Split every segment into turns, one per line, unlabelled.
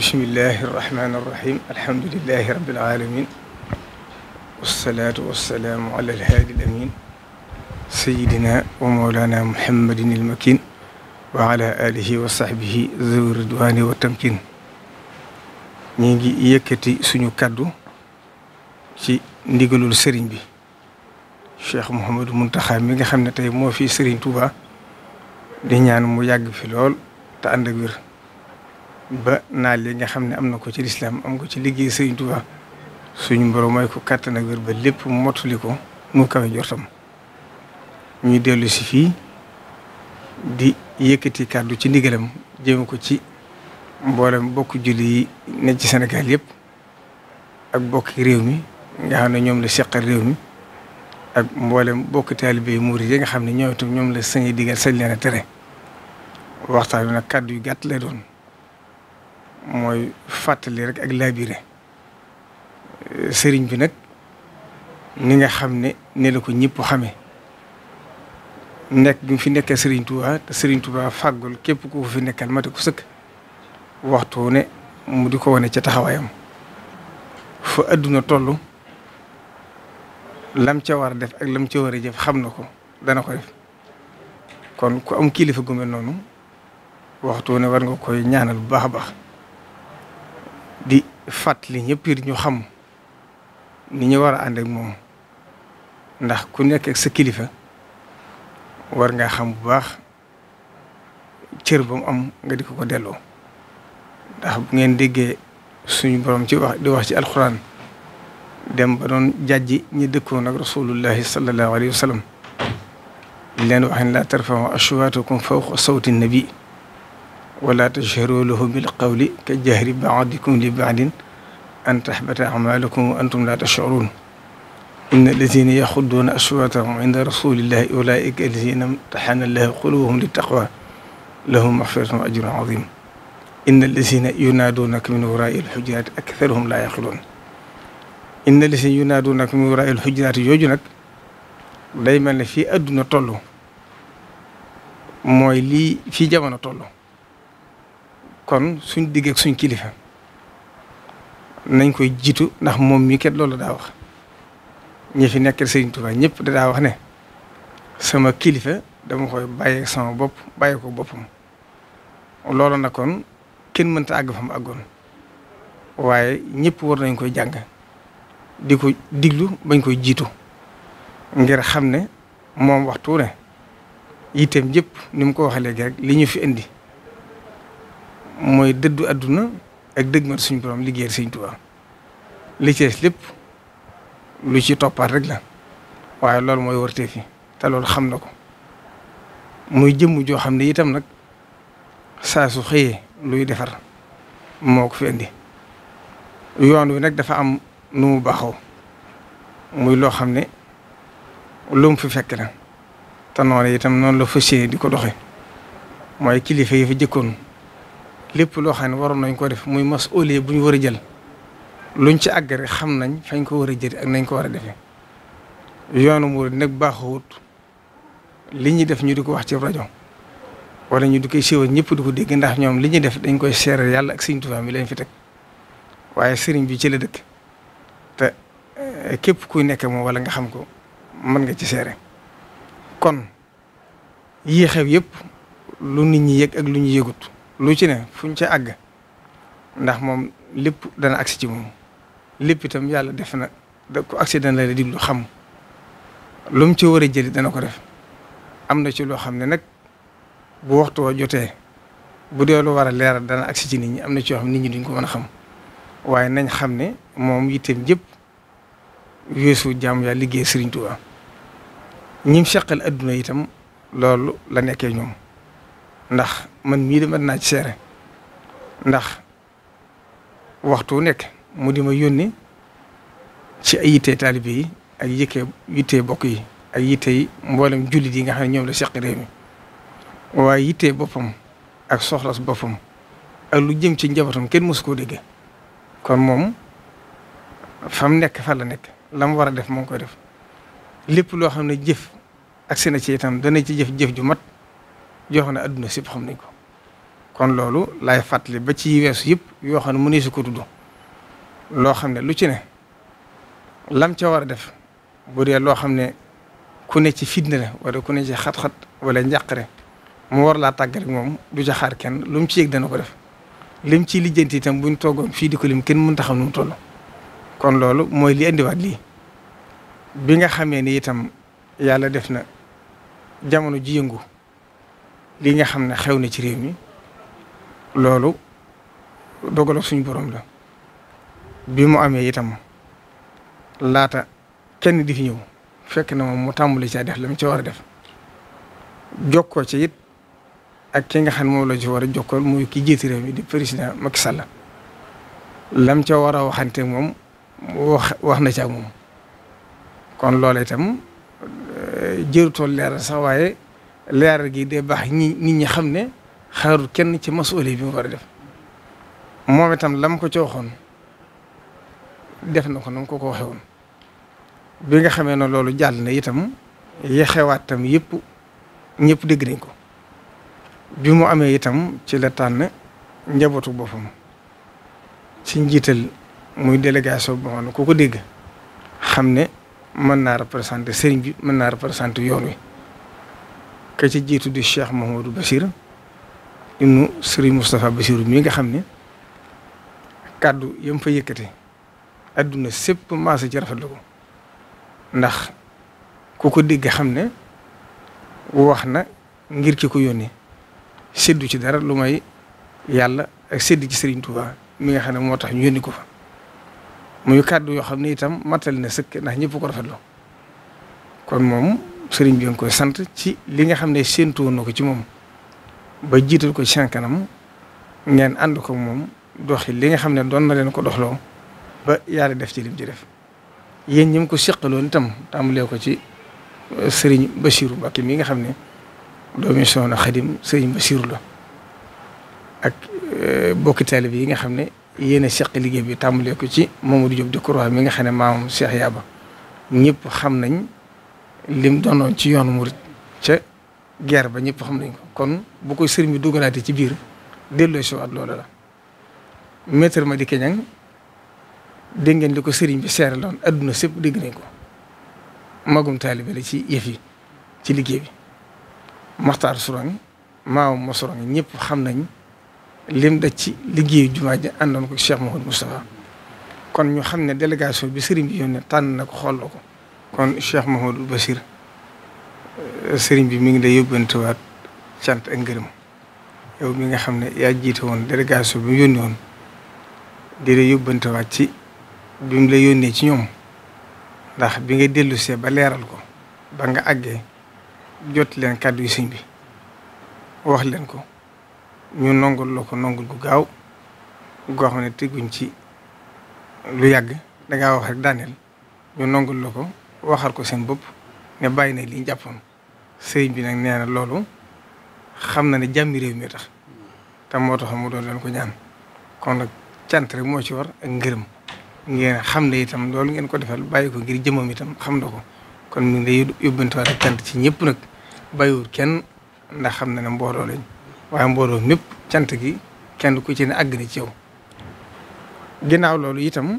bismillahi irrahmani irrahim alhamdulilahi rabilalamin walsalaatu walsalaamu ala alhaadi alamin sayidina wa almakin wa ala alihi wa sahbihi zawi ñi ngi yëkkati suñu kàddu ci ndigalul sëriñ bi cheikh mouhamadou muntaxa mi nga xam ne tey moo fi sëriñ Touba di ñaan mu yàgg fi lool te ànd ba naa yi nga xam ne am na ko ci lislaam am ko ci liggéey Sëriñ Tuubaa suñu borom may ko kàttan ak wér ba lépp mottali ko mu kawe jortam ñu dellu si fii di yëkkati kàddu ci ndigalam jëme ko ci mboolem bokk julli yi ci senegal yëpp ak bokki réew mi nga xam ne ñoom la seqal réew mi ak mboolem bokk taalibe yi murid yi nga xam ne ñoom itam la sañ digal sañ leen a tere waxtaan wi nag kàddu yu gàtt lay doon mooy fàttali rek ak laabire sëriñ bi nag ni nga xam ne ne la ko ñëpp xame nekk bi mu fi nekkee sëriñ Touba te sëriñ Touba képp ku fi nekkal mate ko sëkk waxtu ne mu di ko wane ca taxawaayam fa adduna tollu lam ca war a def ak lam ca war a jëf xam na ko dana ko def kon ku am kilifa gu mel noonu waxtu ne war nga koy ñaanal bu baax a baax di fàttali ñëpp it ñu xam ni ñu war a ànd moom ndax ku nekk sa kilifa war nga xam bu baax cër ba mu am nga di ko ko delloo ndax bu ngeen déggee suñu boroom ci wax di wax ci alxuraan dem ba doon jàjji ñu dëkkoon ak rasulullahi sallallahu alayhi wa sallam leen wax ne laa tarfa'u aswaatakum fawqa sawti nabi wala tashharu lahu bil qawli ka jahri baadikum li baadin an tahbata amalukum wa antum la tashurun inna allazina yaxudduuna aswaatahum inda rasulillahi ulaika allazina imtaxana allahu qulubuhum littaqwa lahum maxfiratun wa ajrun azim inna allazina yunaaduunaka min waraai alxujuraati aktharuhum laa yaqiluun inna allazina yunaaduunaka min waraai alxujuraati yooju nag day mel ne fii àdduna toll mooy lii fii jamono toll kon suñ digg ak suñ kilifa nañ koy jiitu ndax moom mii kat loolu daa wax ñi fi nekk Sëriñ Tuubaa ñëpp da daa wax ne sama kilifa dama koy bàyyi sama bopp bàyyi ko boppam loolu nag kon kenn mënta àgg fa mu àggoon waaye ñëpp war nañ koy jàng di ko diglu bañ koy jiitu ngir xam ne moom waxtu ne yitteem jëpp ni mu ko waxee léegi rek li ñu fi indi mooy dëddu àdduna ak dëgg mat suñu borom liggéeyal Sëriñ Tuubaa li ci lépp lu ci toppaat rek la waaye loolu mooy wërte fi te loolu xam na ko muy jëmm joo xam ne itam nag saa su xëyee luy defar moo ko fi indi yoon wi nag dafa am nu mu muy loo xam ne lu mu fekk la te noonu itam noonu la fas di ko doxe mooy kilifa yi fa jëkkoon lépp loo xam ne waroon nañ ko def muy masuuliya bu ñu war a jël luñ ci àggare xam nañ fañ ko war a jël ak nañ ko war a defee yoonu murid nag baaxawut li ñuy def ñu di ko wax ci rajo walla ñu di koy ñëpp di ko dégg ndax ñoom li ñuy def dañ koy seeral yàlla ak Sëriñ Tuubaa mi leen fi teg waaye sëriñ bi ci dëkk te eh, képp kuy nekk moom wala nga xam ko mën nga ci seere kon yii xew yëpp lu nit ñi yëg ak lu ñu yëgut lu ci ne fu fuñ ca àgg ndax moom lépp dana agsi ci moom lépp itam yàlla def na da ko accident la diglu xam lu mu ci war a jëli dana ko def am na ci loo xam ne nag bu waxtu wa jotee bu dee lu war a leeral dana agsi ci nit ñi am na ci yoo xam nit ñi duñ ko mën a xam waaye nañ xam ne moom yitteem jëpp weesu jàmm yaa liggéey Sëriñ Tuubaa ñim seqal adduna itam loolu la nekkee ñoom ndax man mii dem mën naa ci seere ndax waxtu wu nekk mu di ma yónni ci ay yitte taalibe yi ak yëkkee yitte bokk yi ak yitte mboolem jullit yi nga xam ne ñoom la seq réew waaye yitte boppam ak soxlas boppam ak lu jëm ci njabootam kenn mosu koo dégg kon moom fam nekk fa la nekk la mu war a def moom ngi koy def lépp loo xam ne jëf ak seen ci itam dana ci jëf jëf ju mat. joo xam ne adduna sépp xam nañ ko kon loolu laay fàttali ba ci weesu yëpp yoo xam ne mu ne su ko tudd loo xam ne lu ci ne lam ca war a def bu dee loo xam ne ku ne ci fitna la war ku ne ci xat-xat wala njàqare mu war laa tàggat moom du ca xaar kenn lu mu ci yëg dana ko def lim ci lijjanti itam buñ toogoon fii di ko lim kenn mënta xam nu mu toll kon loolu mooy li indiwaat lii bi nga xamee ni itam yàlla def na jamono ji yëngu li nga xam ne xew na ci réew mi loolu dogaloo suñu boroom la bi mu amee itam laata kenn di fi ñëw fekk na moom mu tàmbali caa def la mu ci war a def jokkoo ci it ak ki nga xam moom la ci war a mu muy ki jiiti réew mi di président Macky Sall lam ca war a waxante moom wax wax na ci ak moom kon loolu itam eh, jëru tool leeral sax waaye. leeral gi de baax ñi nit ñi xam ne xaarul kenn ci masuule bi mu war def moom itam lam ko cooxoon def na ko na ko ko waxee woon bi nga xamee ne loolu jàll itam yexewaat tam yëpp ñëpp ko bi mu amee itam ci la tànn njabootu boppam ci njiital muy délégation boo xam ne ku ko dégg xam ne mën naa représenter sëriñ bi mën naa représenter yoon wi. ka ci jiitu di Cheikh Mouhamadou Bachir ibnu Serigne Moustapha Bachir mii nga xam ne kàddu yam fa yëkkate adduna sépp maasa ci rafetlu ko ndax ku ko dégg xam ne wax na ngir ki ko yónni séddu ci dara lu may yàlla ak sédd ci sëriñ Touba mi nga xam ne moo tax ñu yónni ko fa muy kàddu yoo xam ne itam matal na sëkk ndax ñëpp ko rafetlu kon moom sëriñ bi nga koy sant ci li nga xam ne séentu woon ko ci moom ba jiital ko ci seen kanam ngeen ànd ko moom doxi li nga xam ne doon na leen ko doxloo ba yàlla def ci lim def yéen ñi ko seqaloon itam tàmbalee ko ci euh, sëriñ Bachirou Mbacké mi nga xam ne doomi Soxna Xadim sëriñ Bachirou la ak euh, bokki bi yi nga xam ne yéen a seq liggéey bi tàmbalee ko ci Mamadou Diop Decroix mi nga xam ne maamam Cheikh Yaba ñëpp xam nañ. lim doonoon ci yoonu murit ca guerre ba ñëpp xam nañ ko kon bu koy sëriñ bi dugalaate ci biir delloo si waat la maître ma Niang dégg ngeen li ko sëriñ bi seere loon adduna sépp dégg nañ ko magum taalibe la ci yëf ci liggéey bi Maxtaar Sourang maamam ma Sourang ñëpp xam nañ lim daj liggéey liggéeyu jumaa ji àndoon ko Cheikh Mouhamadou Moustapha kon ñu xam ne délégation bi sëriñ bi yónnee tànn na ko xool ko kon Cheikh Mahoudou Bachir eh, sëriñ bi mu ngi lay yóbbantewaat cant ak ngërëm yow mi nga xam ne yaa jiite woon délégation bi mu yónni woon di lay yóbbantewaat ci bi mu la yónnee ci ñoom ndax bi nga dellu see ba leeral ko ba nga àggee jot leen kàddu yu sëñ bi wax leen ko ñu nongul la ko nongul gu gaaw goo xam ne teguñ ci lu yàgg dangaa wax rek daaneel ñu nongul la ko waxal ko seen bopp ne bàyyi na li ñu jàppoon sëriñ bi nag nee na loolu xam na ne jàmmi réew mi tax te moo tax mu doon leen ko ñaan kon nag cant rek moo ci war ak ngërëm ngeen xam ne itam loolu ngeen ko defal bàyyi ko ngir jëmmam itam xam na ko kon mu ngi lay yóbbantewaat ci ñëpp nag bàyyiwul kenn ndax xam na ne mbooloo lañ waaye mbooloo mépp cant gi kenn ku ci ne àgg na ci yow ginnaaw loolu itam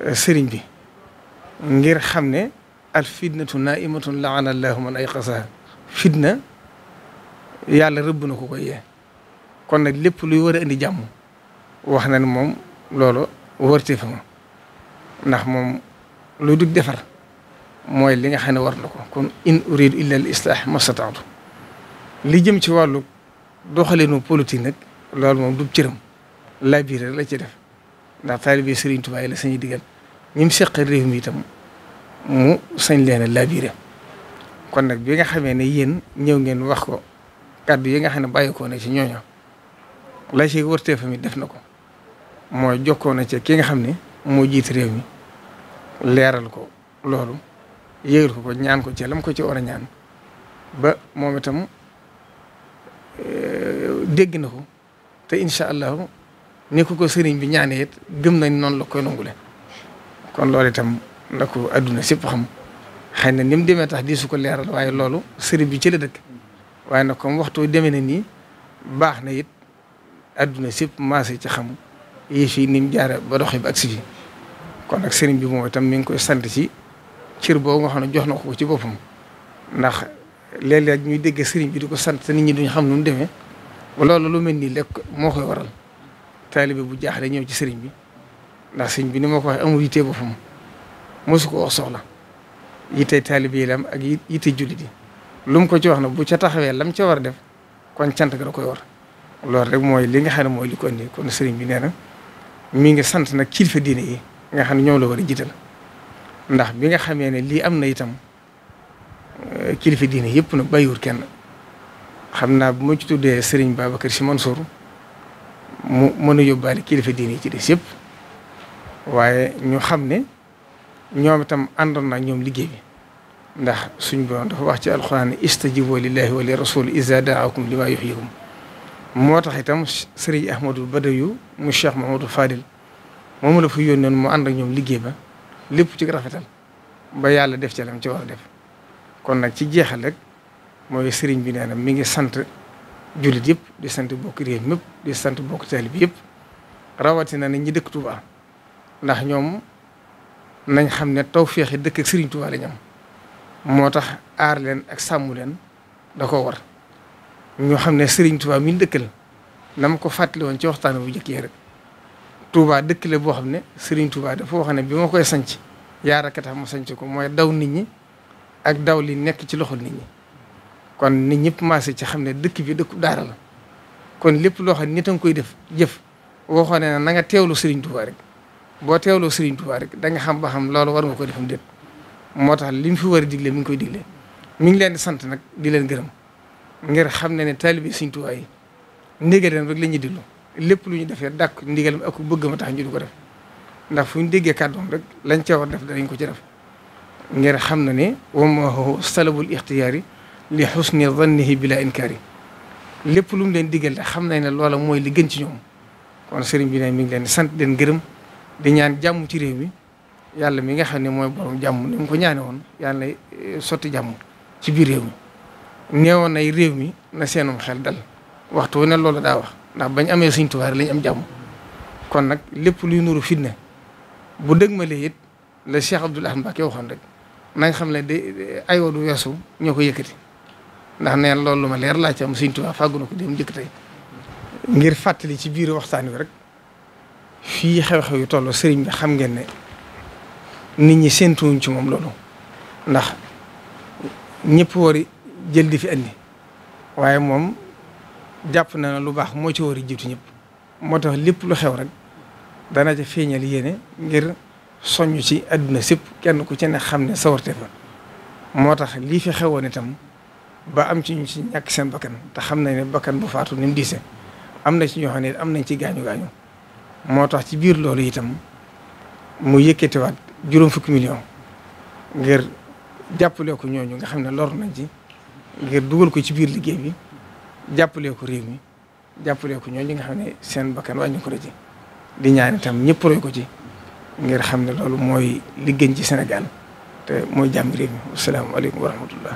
eh, sëriñ bi. ngir xam ne al fitnatu naimatun laana allahu man ayqasaha fitna yàlla rëbb na ko koy kon nag lépp luy war a indi jàmm wax na ne moom loolo wërtee fa ma ndax moom lu dug defar mooy li nga xam ne war na ko kon in uridu illa al islah mastataatu li jëm ci wàllu doxalinu politique nag loolu moom du cëram la biir la ci def ndax taalibe Sëriñ Tuubaa yi la sañuy digal ñi mu seqal réew mi itam mu sañ leen a kon nag bi nga xamee ne yéen ñëw ngeen wax ko kàddu yi nga xam ne bàyyikoo na ci ñooñu la ci wërtee fa mi def na ko mooy jokkoo na ci ki nga xam ne moo jiit réew mi leeral ko loolu yëgal ko ko ñaan ko ci lam ko ci war a ñaan ba moom itam eh, dégg na ko te incha allahu ni ko ko sëriñ bi ñaanee it gëm nañ noonu la koy nangule kon loolu itam na àdduna adduna sépp xam xëy na ni mu demee tax di su ko leeral waaye loolu sëriñ bi ci la dëkk waaye nag comme waxtu demee na nii baax na it adduna sépp maase ci xam yii fii ni mu jaare ba doxee ba agsi fi kon ak sëriñ bi moom itam mi ngi koy sant ci cër boo nga xam ne jox na ko ci boppam ndax léeg ñuy dégg sëriñ bi di ko sant te nit ñi duñ xam nu mu demee loolu lu mel nii lekk moo koy waral taalibe bu jaaxle ñëw ci sëriñ bi ndax sëñ bi ni ma ko waxee amul yite boppam mosu ko wax soxla yite taalibe yi lam ak yite jullit yi lu mu ko ci wax na bu ca taxawee lam ca war a def kon cant ga da koy war loolu rek mooy li nga xam ne mooy li ko indi sëriñ bi nee na mi ngi sant nag kilifa diine yi nga xam ne ñoom la war a jiital ndax bi nga xamee ne lii am na itam eh, kilifa diine yëpp nag bàyyiwul kenn xam naa bu ma ci tuddee sëriñ Babacar man Mansour mu mën a yóbbaale kilifa diine yi ci des yëpp. waaye ñoo xam ne ñoom itam àndoon na ñoom liggéey bi ndax suñ borom dafa wax ci alxuraan istajibu lillahi wa li rasul iza daakum lima yuhyikum moo tax itam sëriñ Ahmadou Badayu mu Cheikh Mahamadou Fadil moom la fa yónnoon mu ànd ak ñoom liggéey ba lépp ci rafetal ba yàlla def ci lam ci war a def kon nag ci jeexal rek mooy sëriñ bi nee na mi ngi sant jullit yëpp di sant bokk réew mépp di sant bokk taalibe bi yëpp rawatina na ñi dëkk Tuubaa ndax ñoom nañ xam ne tawféex yi dëkk ak Serigne Touba la moo tax aar leen ak sàmm leen da ko war ñoo xam ne Serigne Touba mi dëkkal na ma ko fàttali woon ci waxtaan bu njëkk yi rek. Touba dëkk la boo xam ne Serigne Touba dafa wax ne bi koy sanc yaara ka tax ma ko mooy daw nit ñi ak daw li nekk ci loxo nit kon nit ñëpp maase ci xam ne dëkk bi dëkku daara kon lépp loo xam nit a koy def jëf waxoon ne na nga teewlu Serigne Touba rek. boo teewloo Serigne Touba rek da nga xam ba xam loolu war nga ko defam déet moo tax li mu fi war a digle mi koy digle mi ngi leen di sant nag di leen gërëm ngir xam ne ne taalibi Serigne Touba yi ndigal rek la ñuy lépp lu ñu defee dàkk ndigalam ak bëgg ma tax ñu du ko def ndax fu déggee kàddoom rek lañ ca war def danañ ko ci def ngir xam na ne wa ma huwa salabul ixtiyaari li xusni dannihi bila inkaari lépp lu leen digal xam nañ ne loola mooy li gën ci ñoom kon sëriñ bi ne mi ngi leen sant leen gërëm di ñaan jàmm ci réew mi yàlla mi nga xam ne mooy borom jàmm ni mu ko ñaane woon yàlla eh, sotti jàmm ci biir réew mi neewoon ay réew mi na seenum xel dal waxtu wu ne loolu daa wax ndax bañ amee suñ tubaar lañ am jàmm kon nag lépp luy nuru fitna bu dëgg ma lee it la Cheikh Abdoul Ahad Mbacké waxoon rek na xam ne de aywa du weesu ñoo ko yëkkati ndax neen loolu lu ma leer laa ci am suñ tubaar fàggu na ko dem jëkk tey ngir fàttali ci biir waxtaan wi rek fii xew-xew yu toll sëriñ bi xam ngeen ne nit ñi séentuwuñ ci moom loolu ndax ñépp war jël di fi andi waaye moom jàpp na ne lu baax moo ci war a jiitu ñépp moo tax lépp lu xew rek dana ca feeñal yéene ngir soññ ci àdduna sépp kenn ku ci ne xam ne sawarte fa moo tax lii fi xewoon itam ba am ci ñu ci ñàkk seen bakkan te xam nañ ne bakkan bu faatu ni mu diise am na ci ñoo xam ne am nañ ci gaañu gaañu. moo tax ci biir loolu itam mu yëkkatiwaat juróom fukki million ngir jàppale ko ñooñu nga xam ne lor nañ ci ngir dugal ko ci biir liggéey bi jàppale ko réew mi jàppale ko ñooñu nga xam ne seen bakkan wàññi ko la ci. di ñaan itam ñëpp roy ko ci ngir xam ne loolu mooy liggéey ci senegal te mooy jàmm réew mi asalaamaaleykum wa rahmatullah